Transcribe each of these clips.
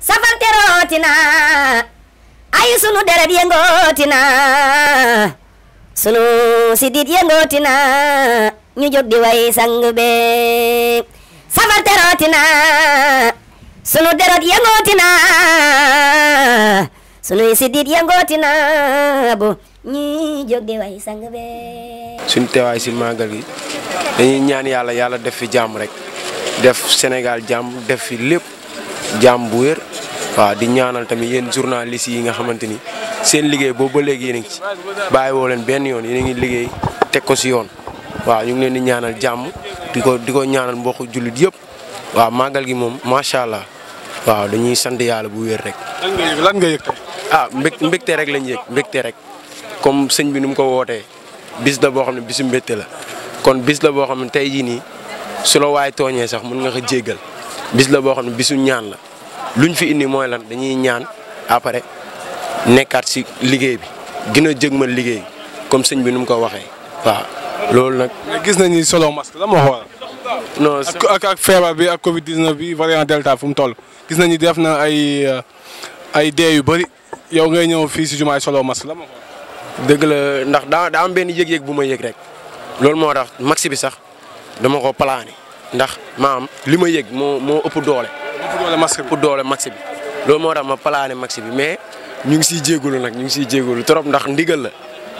safante rootina ay sunu deret yëngootina sunu sidit yëngootina ñu jóg di way sang be sunu deret yëngootina sunu sidit yëngootina jóg di way sang be suñ teewaay si màggal gi dañuy ñaan yàlla yàlla def fi jàmm rek def senegal jàmm def fi lépp jàmm bu wér waaw di ñaanal tamit yéen journalistes yi nga xamante ni seen liggéey boobu ba léegi yéen a ngi ci bàyyi woo leen benn yoon yéen a ngi liggéey teg ko si yoon waaw ñu ngi leen di ñaanal jàmm di ko di ko ñaanal mbokku julit yëpp waaw màggal gi moom macha allah waaw dañuy sant yàlla bu wér rek. lan nga yëg lan nga ah, mbégte rek lañu yëg mbégte rek comme sëñ bi nu mu ko wootee bis la boo xam ne bisu mbégte la kon bis la boo xam ne tey jii nii su la waaye tooñee sax mun nga ko jéggal bis la boo xam ne bisu ñaan la. lu ñu fi indi mooy lan dañuy ñaan après nekkaat si liggéey bi dina a ma liggéey comme sëñ bi nu mu ko waxee waaw loolu nag. gis nañu solo masque la moo waral. no ak ak feebar bi ak Covid 19 bi variant delta fu mu toll gis nañu def na ay euh, ay dee yu bëri yow ngay ñëw fii si jumaay solo masque la moo waral. dëgg la ndax daa daa am benn yëg bu ma yëg rek loolu moo tax max bi sax dama ko plané ndax maam li ma yëg moo moo ëpp doole. pour doole match bi doole match bi loolu moo tax ma plané match bi mais ñu ngi siy jégalu nag ñu ngi siy jégalu trop ndax ndigal la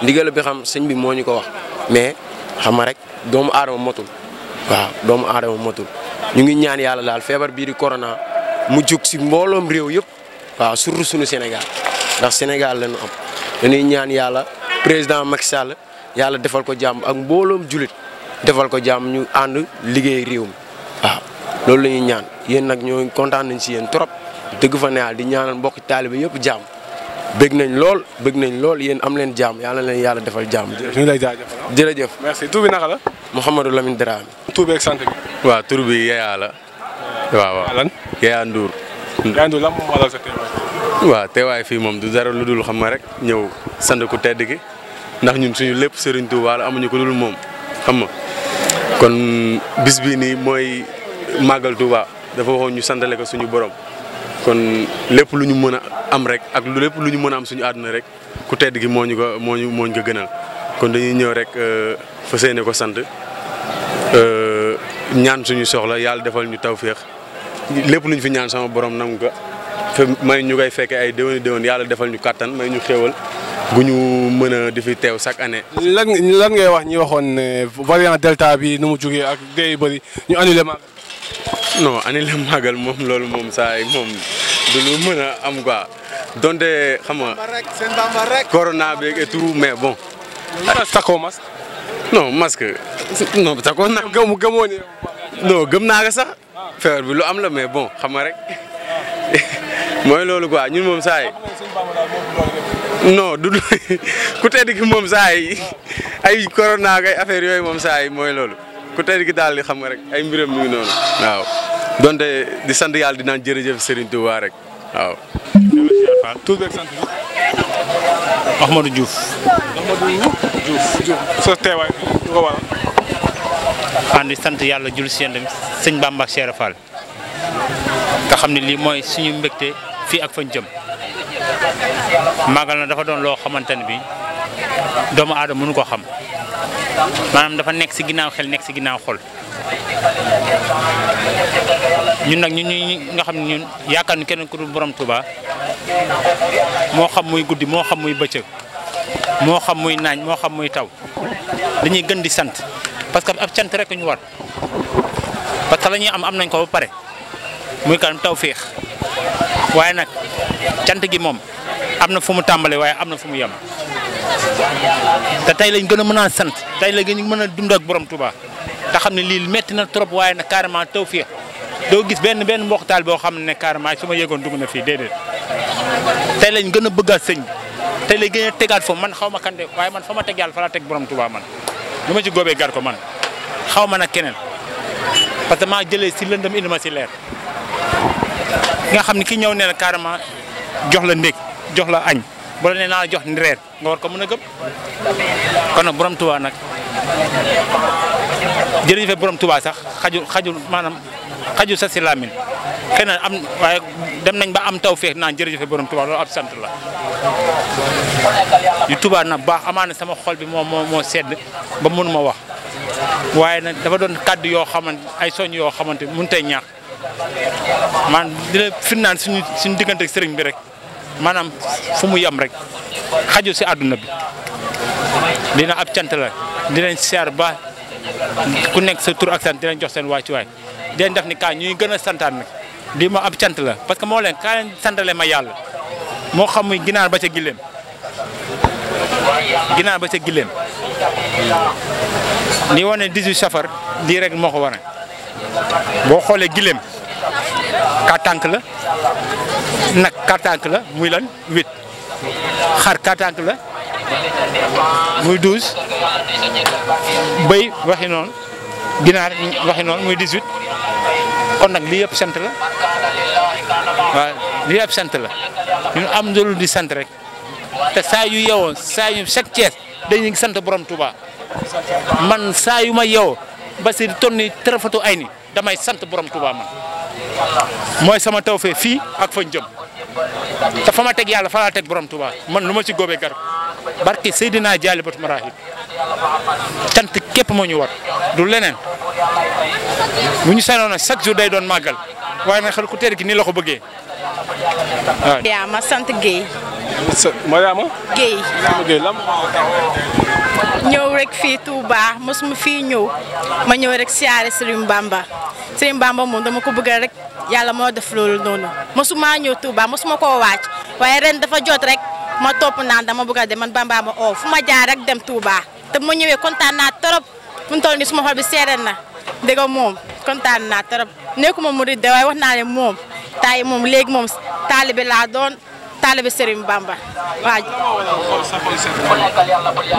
ndigal bi xam sëñ bi moo ñu ko wax mais xam nga rek doomu aadama motul waaw doomu aadama motul ñu ngi ñaan yàlla daal feebar bii di corona mu jug si mbooloom réew yëpp waaw surtout suñu Sénégal ndax Sénégal lañu am dañuy ñaan yàlla président Macky Sall yàlla defal ko jàmm ak mbooloom julit defal ko jàmm ñu ànd liggéey réew mi. loolu la ñuy ñaan yéen nag ñoo kontaan nañ si yéen trop dëgg fa ne di ñaanal mbokki taalibe yëpp jàmm bëgg nañ lool bëgg nañ lool yéen am leen jàmm yàlla leen yàlla defal jàmm. jërëjëf jërëjëf. merci tur bi naka la. Mouhamadou Lamine Dramé. tur beeg sant bi. waaw tur bi Yaya la. waaw waaw lan Yaya Ndour. Yaya la sa teewaay. waaw teewaay fii moom du dara lu dul xam nga rek ñëw sant ku tedd gi ndax ñun suñu lépp Serigne Touba la amuñu ko dul moom xam nga kon bis bii nii mooy. màggal Touba dafa waxoon ñu santale ko suñu borom kon lépp lu ñu mën a am rek ak lépp lu ñu mën a am suñu àdduna rek ku tedd gi moo ñu ko moo ñu moo ñu ko gënal kon dañuy ñëw rek euh, fa yéene ko sant euh, ñaan suñu soxla yàlla defal ñu tawféex lépp lu ñu fi ñaan sama borom nam ko may ñu koy fekkee ay déwéni déwén yàlla defal ñu kàttan may ñu xéewal gu ñu mën a di fi teew chaque année. lan lan wax ñi waxoon ne euh, variant delta bi nu mu jógee ak dee yu ñu annulé non annulé màggal moom loolu moom saa yi moom du lu mën a am quoi donte xam nga. seen bamba rek corona beeg et mais bon. takkoo masque. non masque non takkoo naa. gëm gëmoo ne gëm naa ko sax. feebar bi lu am la mais bon xam nga rek mooy loolu quoi ñun moom saa yi non du ku tedd ki moom saa yi ay corona ak ay yooyu moom saa yi mooy loolu. ku tey gi daal di xam nga rek ay mbiram mi ngi noonu waaw donte di sant yàlla di jërëjëf Serigne Touba rek waaw. tur beeg sant bi. Ahmadou Diouf. Ahmadou teewaay du ko waral. ànd yàlla jul si sëñ Bamba nga xam ne lii mooy suñu mbégte fii ak fañ jëm màggal na dafa doon loo xamante ne bi doomu aada mënu ko xam. maanaam dafa nekk si ginnaaw xel nekk ci ginnaaw xool ñun nag ñu ñuy nga xam ne ñun yaakaar ni kenn ku dul borom Touba moo xam muy guddi moo xam muy bëccëg moo xam muy naañ moo xam muy taw dañuy gën di sant parce que ab cant rek ñu war parce que lañuy am am nañ ko ba pare muy kanam taw féex waaye nag cant gi moom am na fu mu tàmbalee waaye am na fu mu yem. te tey lañ gën a mën a sant tey la ñu mën a dund ak borom Touba te xam ne lii metti na trop waaye nag carrément taw fii doo gis benn benn mboqtaal boo xam ne carrément su ma yëgoon dugg na fii déedéet tey lañ gën a bëgg a sëñ tey lañ gën a tegaat foofu man xaw ma kande de waaye man fa ma tegal yàlla la teg borom Touba man lu ma ci góobee gar ko man xaw ma na keneen parce que maa jëlee si lëndëm indi ma si leer nga xam ne ki ñëw nee la carrément jox la ndékk jox la añ. bu la naa jox ni reer nga war ko mën a gëm kon nag borom Touba nag jërëjëf borom Touba sax xajul xajul maanaam xajul sa si laamin xëy am waaye dem nañ ba am taw feex naan jërëjëf borom Touba loolu ab sant la yu Touba nag baax amaana sama xol bi moo moo moo sedd ba mënu ma wax waaye nag dafa doon kàddu yoo xamante ay soñ yoo xamante mun tey ñaax man di la firnaan suñu suñu diggante sëriñ bi rek maanaam fu mu yem rek xaju si àdduna bi dina ab cant la dinañ seer ba ku nekk sa tur ak sant dinañ jox seen wàccuwaay dinañ def ni kaa ñuy gën a santaan nag lii ma ab cant la parce que moo leen kaa santalee santale ma yàlla moo xam muy ginaar ba ca gileem ginaar ba ca gileem ni wane 18 safar lii rek moo ko wane boo xoolee gileem ka tànk la nag quatre la muy lan huit xar quatre la muy douze béy waxinoon ginaar waxinoon noonu muy dix-huit kon nag lii yëpp sant la waaw lii yëpp sant la ñun am njëriñ di sant rek te saa yu yeewoo saa yu chaque Cees dañuy sant borom Touba man saa yu ma yeewoo ba si tonni tërëfatu ay nii damay sant borom Touba man. mooy sama tawféey fii ak fañ jëm te fa ma teg yàlla fa laa teg borom Touba man lu ma ci góobee garab barke Seydina Jaalibatu Marahib cant képp moo ñu war du leneen bu ñu sanoon nag chaque jour day doon màggal waaye nag xel ku teel gi nii la ko bëggee waaw. yaa ma sant Guèye. sa Mariama Guèye Mariama rekk lam ñëw rek fii Touba mosuma ñëw ma ñëw rek siyaare Serigne Bamba Serigne Bamba moom dama ko bëgg rek yàlla moo def loolu noonu mosuma ñëw ma suma koo wàcc waaye ren dafa joot rek ma topp naan dama bëgg a dem man Bamba ma oo fu ma jaar rek dem Touba te ma ñëwee kontaan naa trop fu ni toll nii suma xol bi seereen na dégg moom kontaan naa trop nekkuma murid de waaye wax naa moom taay moom léegi moom taalibe laa doon. taalibe Serigne Bamba waaw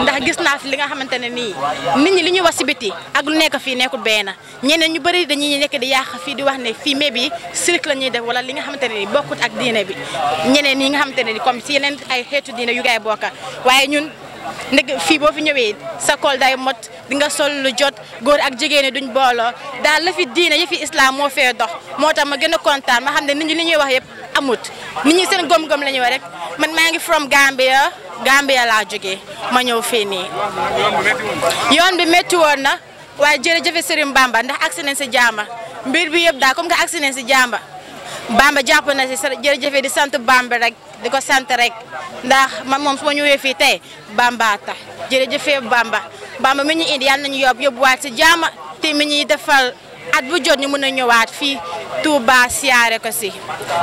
ndax gis naa fi li nga xamante ne nii nit ñi li ñuy wax si biti ak lu nekk fii nekkul benn ñeneen ñu bëri dañuy nekk di yàq fii di wax ne fii mais bi cirque la ñuy def wala li nga xamante ne nii bokkut ak diine bi ñeneen yi nga xamante ne nii comme si yeneen ay xeetu diine yu gaay bokka waaye ñun ndeg fii boo fi ñëwee sa kool day mot di nga sol lu jot góor ak jigéen ñi duñ booloo daal la fi diine yëfi islaam moo fee dox moo tax ma gën a kontaan ma xam ne nit li ñuy wax yëpp amut nit ñi seen gom-gom la ñuy wax rek man maa ngi from Gambia Gambia laa jógee ma ñëw fii nii. yoon bi métti woon na waaye jërëjëf Serigne Bamba ndax agsi nañ si jaama mbir bi yëpp daal comme que agsi nañ si jaama Bamba jàpp na si jërëjëf di sant Bamba rek. di ko sant rek ndax man moom su ma ñëwee fii tey bambaata tax jërëjëfee Bamba Bamba mi ñu indi yàlla nañu yóbbu yóbbuwaat si jaama te mi ñuy defal at bu jot ñu mën a ñëwaat fii Touba siyaare ko si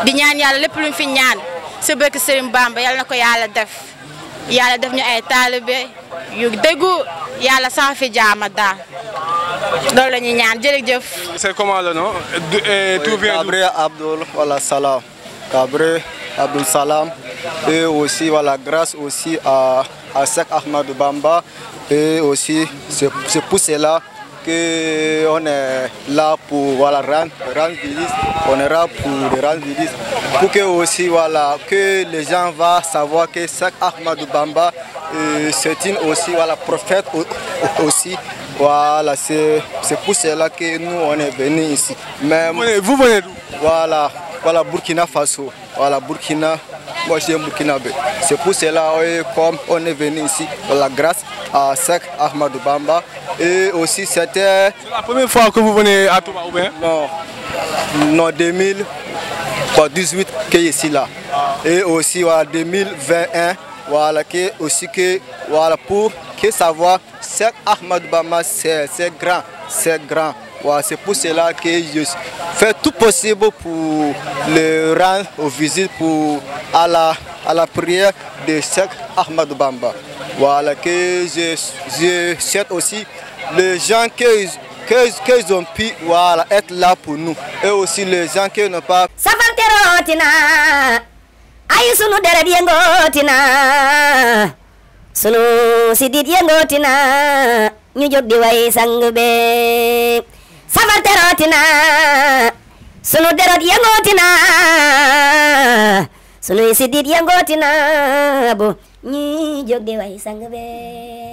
di ñaan yàlla lépp luñ fi ñaan sa bëkk Bamba yàlla na ko yàlla def yàlla def ñu ay taalibe yu déggu yàlla sax jaama daal loolu la ñaan jërëjëf. c'est comment le nom? Eh, tout vient d'où? Kabri wala Salam Kabri. Abdul Salam, et aussi voilà, grâce aussi à, à Sek Ahmad Bamba, et aussi c'est pour cela qu'on est là pour voilà, rendre, on est là pour rendre visite, pour que aussi voilà, que les gens vont savoir que Sek Ahmad Bamba, euh, c'est une aussi voilà, prophète aussi, voilà, c'est que nous, on est venus ici. Mais, vous venez d'où Voilà, voilà, Burkina Faso. voilà, Burkina. Moi, je suis Burkinabé. C'est pour cela, on est venu ici, la grâce à Sek Ahmadou Bamba. Et aussi, c'était. C'est la première fois que vous venez à Touba ou que je suis là. Ah. Et aussi, voilà, 2021, que, aussi que, voilà, pour que savoir, Sek Ahmadou Bamba, c'est grand, c'est grand. Ouais, c'est pour cela que je fais tout possible pour le rendre aux visites pour, à, la, à la prière de Cheikh Ahmad Bamba. Voilà, que je, je souhaite aussi les gens qu'ils ont pu voilà, être là pour nous. Et aussi les gens qui n'ont pas... ay sunu deret yëngooti na sunu sidit yëngooti na ñu jóg di way sang be safar terooti na sunu derot yëngooti na sunuy sidit yëngooti na bu ñi jóg di way sang be